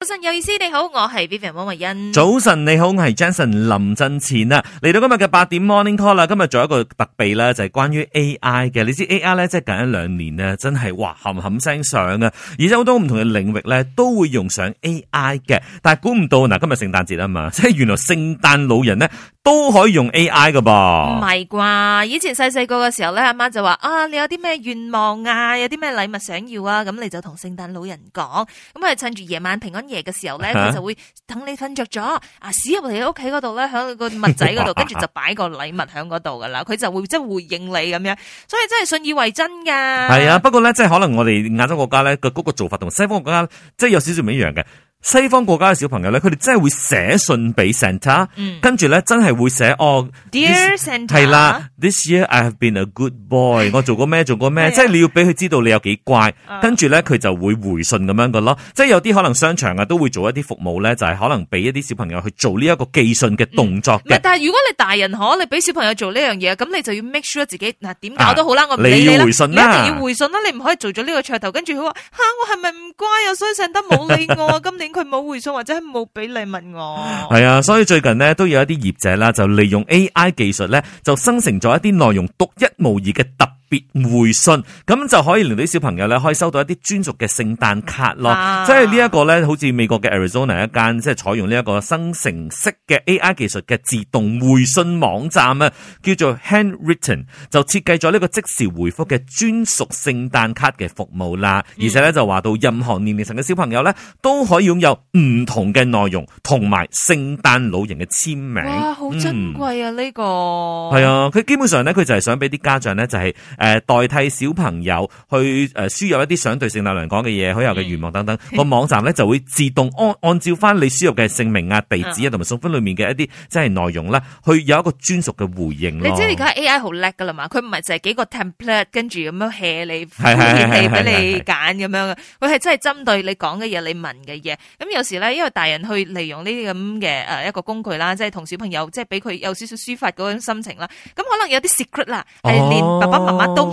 早晨有意思，你好，我係 Vivian 汪慧欣。早晨你好，我係 Jason 林振前啊，嚟到今日嘅八點 Morning Call 啦。今日做一個特備咧，就係、是、關於 AI 嘅。你知道 AI 咧，即、就、係、是、近一兩年咧，真係哇冚冚聲升上啊！而且好多唔同嘅領域咧，都會用上 AI 嘅。但係估唔到嗱，今日聖誕節啊嘛，即係原來聖誕老人咧。都可以用 AI 㗎噃，唔係啩？以前細細個嘅時候咧，阿媽就話啊，你有啲咩願望啊，有啲咩禮物想要啊，咁你就同聖誕老人講，咁佢就趁住夜晚平安夜嘅時候咧，佢就會等你瞓着咗啊，屎入嚟喺屋企嗰度咧，喺個襪仔嗰度，跟住就擺個禮物喺嗰度噶啦，佢就會即係回應你咁樣，所以真係信以為真噶。係啊，不過咧，即係可能我哋亞洲國家咧個嗰個做法同西方國家即係有少少唔一樣嘅。西方國家嘅小朋友咧，佢哋真係會寫信俾 Santa、嗯、跟住咧真係會寫哦，Dear Santa，係啦，This year I have been a good boy， 我做過咩做過咩， 即係你要俾佢知道你有幾乖，嗯、跟住咧佢就會回信咁樣嘅咯。即係有啲可能商場啊都會做一啲服務咧，就係、是、可能俾一啲小朋友去做呢一個寄信嘅動作嘅、嗯。但係如果你大人可，你俾小朋友做呢樣嘢，咁你就要 make sure 自己嗱點搞都好啦、啊，我你要回信啦，你一定要回信啦、啊，你唔可以做咗呢個噱頭，跟住佢話吓我係咪唔乖啊？所以 Santa 冇理我 今年。佢冇回信或者係冇俾禮物我，係啊，所以最近咧都有一啲業者啦，就利用 AI 技術咧，就生成咗一啲內容獨一無二嘅特別回信，咁就可以令到小朋友咧可以收到一啲專屬嘅聖誕卡咯。啊、即係呢一個咧，好似美國嘅 Arizona 一間，即係採用呢一個生成式嘅 AI 技術嘅自動回信網站啊，叫做 Handwritten，就設計咗呢個即時回覆嘅專屬聖誕卡嘅服務啦。嗯、而且咧就話到任何年齡層嘅小朋友咧都可以擁有唔同嘅內容同埋聖誕老人嘅簽名。哇，好珍貴啊！呢、嗯這個係啊，佢基本上咧佢就係想俾啲家長咧就係、是。誒、呃，代替小朋友去誒輸入一啲想對聖誕老人講嘅嘢，佢有嘅願望等等，嗯，那個網站咧就會自動按 按照翻你輸入嘅姓名啊、地址啊，同、嗯、埋信封裏面嘅一啲即係內容啦，去有一個專屬嘅回應。你知而家 A I 好叻噶啦嘛，佢唔係就係幾個 template 跟住咁樣 hea 你，敷衍你俾你揀咁樣嘅，佢係真係針對你講嘅嘢，你問嘅嘢。咁有時咧，因為大人去利用呢啲咁嘅誒一個工具啦，即係同小朋友即係俾佢有少少抒發嗰種心情啦。咁可能有啲 secret 啦，係連爸爸媽媽、哦。慢慢都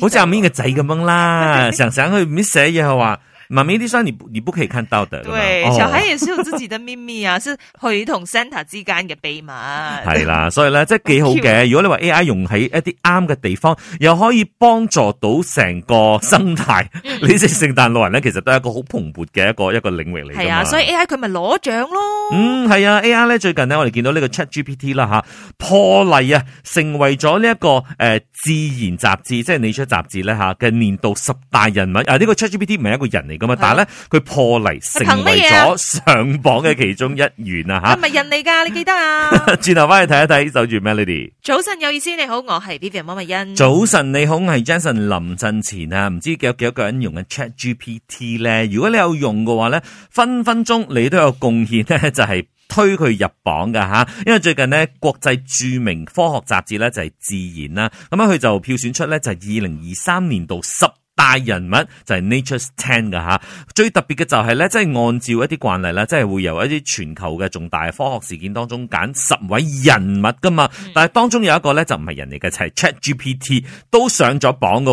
好似阿邊個仔咁樣啦，成 日想去邊寫嘢話。媽咪，啲商你不你不、哦、可以看到的對，小孩也是有自己的秘密啊， 是佢同 Santa 之間嘅秘密。係啦、啊，所以咧，即係幾好嘅。 如果你話 A I 用喺一啲啱嘅地方，又可以幫助到成個生態。 呢啲聖誕老人咧，其實都係一個好蓬勃嘅一個一個領域嚟。係啊，所以 A I 佢咪攞獎咯。嗯，係啊，A I 咧最近呢，我哋見到呢個 Chat GPT 啦吓，破例啊，成為咗呢一個誒、呃、自然雜誌，即係 Nature 呢雜誌咧吓嘅年度十大人物。啊，呢、這個 Chat GPT 唔係一個人嚟。咁、okay。啊，但係咧，佢破例成為咗上榜嘅其中一員啊！吓，係咪人嚟噶？你記得啊？轉頭翻去睇一睇守住《Melody》。早晨有意思，你好，我係 Vivian m o n i n 早晨你好，我係 Jason 林振前啊！唔知有幾多個人用緊 Chat GPT 咧？如果你有用嘅話咧，分分鐘你都有貢獻咧，就係、是、推佢入榜噶吓。因為最近呢，國際著名科學雜誌咧就係、是《自然》啦，咁樣佢就票選出咧就係二零二三年度十。大人物就係 Nature's Ten 嘅吓，最特別嘅就係、是、咧，即係按照一啲慣例啦，即係會由一啲全球嘅重大科學事件當中揀十位人物噶嘛、嗯。但係當中有一個咧就唔係人嚟嘅，就係、是、Chat GPT 都上咗榜嘅。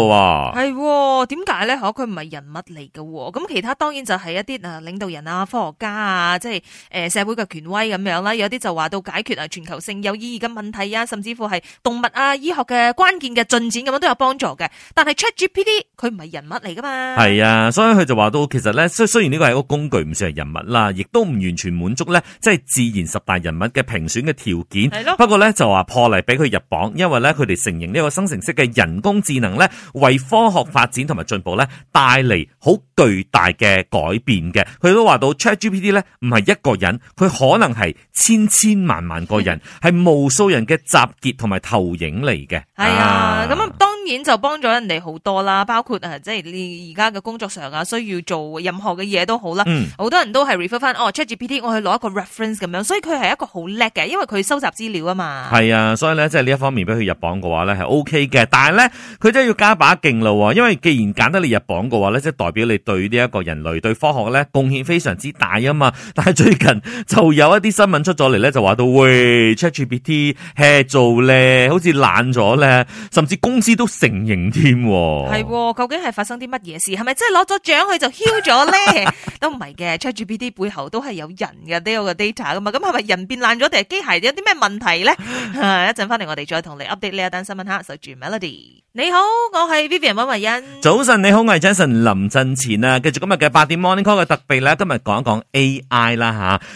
係，點解咧？吓佢唔係人物嚟嘅。咁其他當然就係一啲誒領導人啊、科學家啊，即係誒社會嘅權威咁樣啦。有啲就話到解決啊全球性有意義嘅問題啊，甚至乎係動物啊、醫學嘅關鍵嘅進展咁樣都有幫助嘅。但係 Chat GPT 佢。唔係人物嚟噶嘛？係啊，所以佢就話到，其實咧，雖雖然呢個係一個工具，唔算係人物啦，亦都唔完全滿足咧，即係自然十大人物嘅評選嘅條件。係咯，不過咧就話破例俾佢入榜，因為咧佢哋承認呢個生成式嘅人工智能咧，為科學發展同埋進步咧帶嚟好巨大嘅改變嘅。佢都話到 ChatGPT 咧唔係一個人，佢可能係千千萬萬個人，係無數人嘅集結同埋投影嚟嘅。係啊，咁、嗯、當。然就幫咗人哋好多啦，包括誒即係你而家嘅工作上啊，需要做任何嘅嘢都好啦。嗯，好多人都係 refer 翻哦，ChatGPT，我去攞一個 reference 咁樣，所以佢係一個好叻嘅，因為佢收集資料啊嘛。係啊，所以咧即係呢一方面俾佢入榜嘅話咧係 OK 嘅，但係咧佢真係要加把勁咯，因為既然揀得你入榜嘅話咧，即係代表你對呢一個人類對科學咧貢獻非常之大啊嘛。但係最近就有一啲新聞出咗嚟咧，就話到喂 ChatGPT，嘿做咧，好似懶咗咧，甚至公司都。成形添係，究竟係發生啲乜嘢事？係咪真係攞咗獎佢就囂咗咧？都唔係嘅，ChatGPT 背後都係有人嘅，都有個 data 噶嘛？咁係咪人變爛咗定係機械？有啲咩問題咧？一陣翻嚟我哋再同你 update 呢一單新聞哈。守住 Melody，你好，我係 Vivian 文慧欣。早晨，你好，我係 Johnson。林振前啊，繼續今日嘅八點 Morning Call 嘅特備咧，今日講一講 AI 啦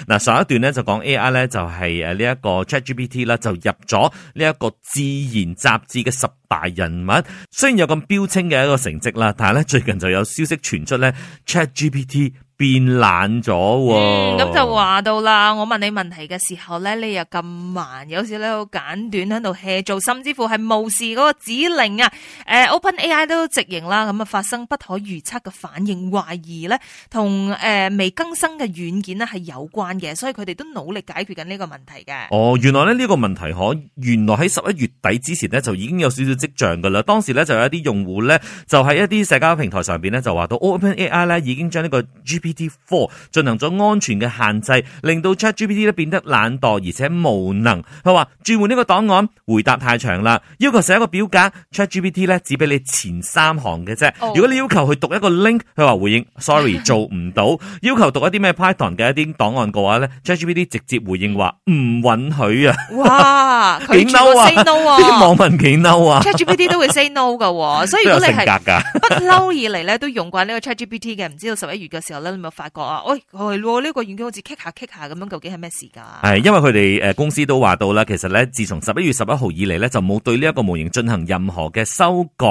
吓。嗱，上一段咧就講 AI 咧，就係誒呢一個 ChatGPT 啦，就入咗呢一個自然雜誌嘅十。大人物雖然有咁標清嘅一個成績啦，但係呢，最近就有消息傳出呢 ChatGPT。變懶咗喎，咁就話到啦。我問你問題嘅時候咧，你又咁慢，有時咧好簡短，喺度 hea 做甚至乎係無視嗰個指令啊。誒、呃、，Open AI 都直認啦，咁啊發生不可預測嘅反應，懷疑咧同誒未更新嘅軟件呢係有關嘅，所以佢哋都努力解決緊呢個問題嘅。哦，原來呢呢、這個問題可原來喺十一月底之前呢，就已經有少少跡象噶啦。當時咧就有一啲用戶咧就係一啲社交平台上邊咧就話到 Open AI 咧已經將呢個 G P GPT-4 進行咗安全嘅限制，令到 Chat GPT 咧變得懶惰而且無能。佢話轉換呢個檔案回答太長啦，要求寫一個表格，Chat GPT 咧只俾你前三行嘅啫。Oh. 如果你要求去讀一個 link，佢話回應 sorry 做唔到。 要求讀一啲咩 Python 嘅一啲檔案嘅話咧 ，Chat GPT 直接回應話唔允許啊！ 哇，幾 嬲啊！啲、啊、網民幾嬲啊 ！Chat GPT 都會 say no 嘅，所以如果你係不嬲以嚟咧，都用慣呢個 Chat GPT 嘅，唔知道十一月嘅時候咧。有冇發覺啊？喂，係喎，呢個軟件好似 kick 下 kick 下咁樣，究竟係咩事噶？係，因為佢哋誒公司都話到啦，其實咧自從十一月十一號以嚟咧就冇對呢一個模型進行任何嘅修改，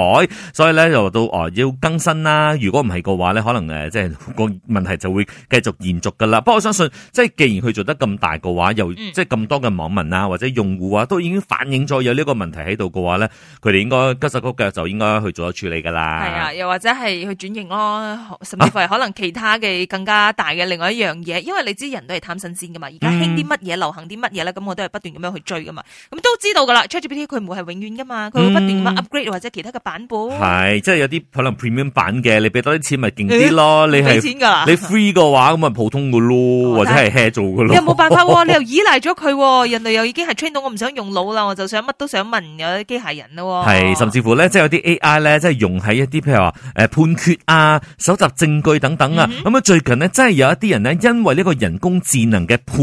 所以咧就話到哦要更新啦。如果唔係嘅話咧，可能誒即係個問題就會繼續延續噶啦。不過我相信，即係既然佢做得咁大嘅話，又即係咁多嘅網民啊或者用戶啊都已經反映咗有呢個問題喺度嘅話咧，佢哋應該急手急腳就應該去做咗處理噶啦。係啊，又或者係去轉型咯，甚至乎係可能其他嘅。更加大嘅另外一樣嘢，因為你知人都係貪新鮮噶嘛，而家興啲乜嘢流行啲乜嘢咧，咁、嗯、我都係不斷咁樣去追噶嘛。咁都知道噶啦，ChatGPT 佢唔會係永遠噶嘛，佢會,會不斷咁 upgrade 或者其他嘅版本。係，即係有啲可能 premium 版嘅，你俾多啲錢咪勁啲咯。你係俾錢㗎，你 free 嘅話咁啊普通嘅咯、哦，或者係 hair 做嘅咯。你又冇辦法喎、啊，你又依賴咗佢喎， 人類又已經係 train 到我唔想用腦啦，我就想乜都想問有啲機械人咯、啊。係，甚至乎咧，即係有啲 AI 咧，即係用喺一啲譬如話誒判決啊、搜集證據等等啊，咁、嗯最近呢，真係有一啲人呢，因為呢個人工智能嘅判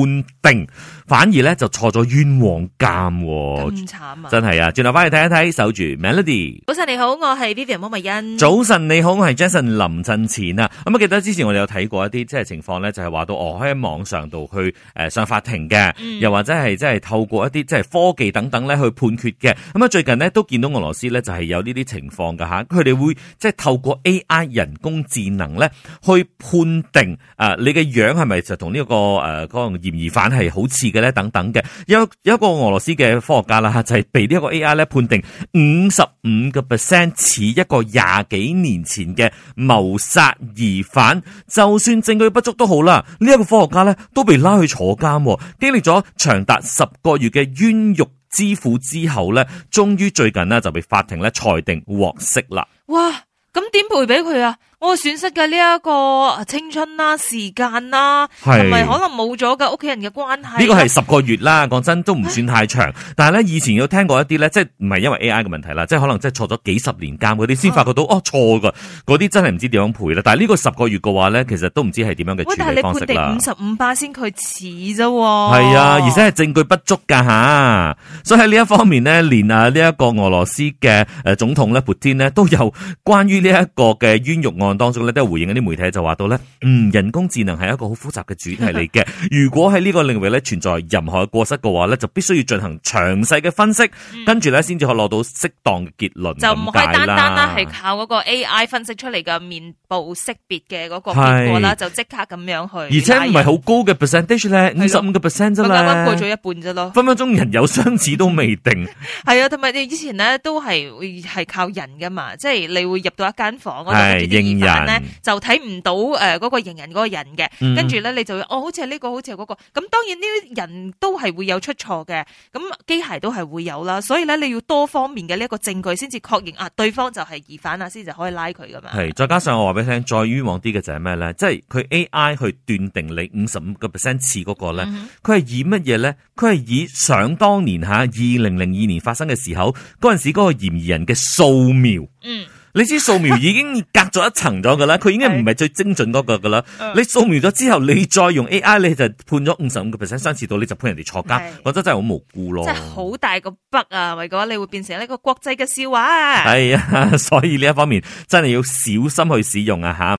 定，反而呢就坐咗冤枉監、啊，喎。慘啊！真係啊！轉頭翻嚟睇一睇，守住 Melody。早晨你好，我係 Vivian Moma mo i 恩。早晨你好，我係 Jason 林振前啊！咁、嗯、啊，記得之前我哋有睇過一啲即係情況呢，就係、是、話到我喺網上度去誒上法庭嘅、嗯，又或者係即係透過一啲即係科技等等咧去判決嘅。咁啊，最近呢都見到俄羅斯呢，就係有呢啲情況㗎。吓，佢哋會即係透過 AI 人工智能呢去判。定、呃、誒，你嘅樣係咪就同呢個誒可能嫌疑犯係好似嘅咧？等等嘅，有有一個俄羅斯嘅科學家啦，就係、是、被呢一個 A. I. 咧判定五十五個 percent 似一個廿幾年前嘅謀殺疑犯，就算證據不足都好啦。呢、這、一個科學家咧都被拉去坐監，經歷咗長達十個月嘅冤獄之苦之後咧，終於最近咧就被法庭咧裁定獲釋啦。哇！咁點賠俾佢啊？我、哦、損失嘅呢一個青春啦、啊、時間啦、啊，同埋可能冇咗嘅屋企人嘅關係、啊。呢、呢個係十個月啦，講真都唔算太長。欸、但係咧，以前有聽過一啲咧，即係唔係因為 AI 嘅問題啦，即係可能即係坐咗幾十年監嗰啲，先發覺到哦錯嘅嗰啲真係唔知點樣賠啦。但係呢個十個月嘅話咧，其實都唔知係點樣嘅處理方式啦。但係你判定五十五萬先佢似啫，係啊，而且係證據不足噶吓。所以喺呢一方面呢，連啊呢一個俄羅斯嘅誒總統咧，普京咧，都有關於呢一個嘅冤獄案。案當中咧都有回應啲媒體就話到咧，嗯，人工智能係一個好複雜嘅主題嚟嘅。如果喺呢個領域咧存在任何嘅過失嘅話咧，就必須要進行詳細嘅分析，嗯、跟住咧先至可攞到適當嘅結論。就唔係單單啦，係靠嗰個 AI 分析出嚟嘅面部識別嘅嗰個結果啦，就即刻咁樣去。而且唔係好高嘅 percentage 咧，五十五個 percent 啫啦，啱啱過咗一半啫咯。分分鐘人有相似都未定。係 啊，同埋你以前咧都係會係靠人噶嘛，即係你會入到一間房，係人咧就睇唔到誒，嗰個型人嗰個人嘅，跟住咧你就會哦，好似係呢個，好似係嗰個。咁當然呢啲人都係會有出錯嘅，咁機械都係會有啦。所以咧，你要多方面嘅呢一個證據先至確認啊，對方就係疑犯啊，先至可以拉佢㗎嘛。係，再加上我話俾你聽，再冤枉啲嘅就係咩咧？即係佢 A I 去斷定你五十五個 percent 次嗰個咧，佢、嗯、係以乜嘢咧？佢係以想當年吓二零零二年發生嘅時候嗰陣時嗰個嫌疑人嘅掃描。嗯。你知掃描已經隔咗一層咗噶啦，佢已經唔係最精準嗰個噶啦。你掃描咗之後，你再用 AI，你就判咗五十五個 percent 相似度，你就判人哋坐監，我覺得真係好無辜咯。即係好大個 bug 啊，為咗你會變成一個國際嘅笑話啊。係、哎、啊，所以呢一方面真係要小心去使用啊吓。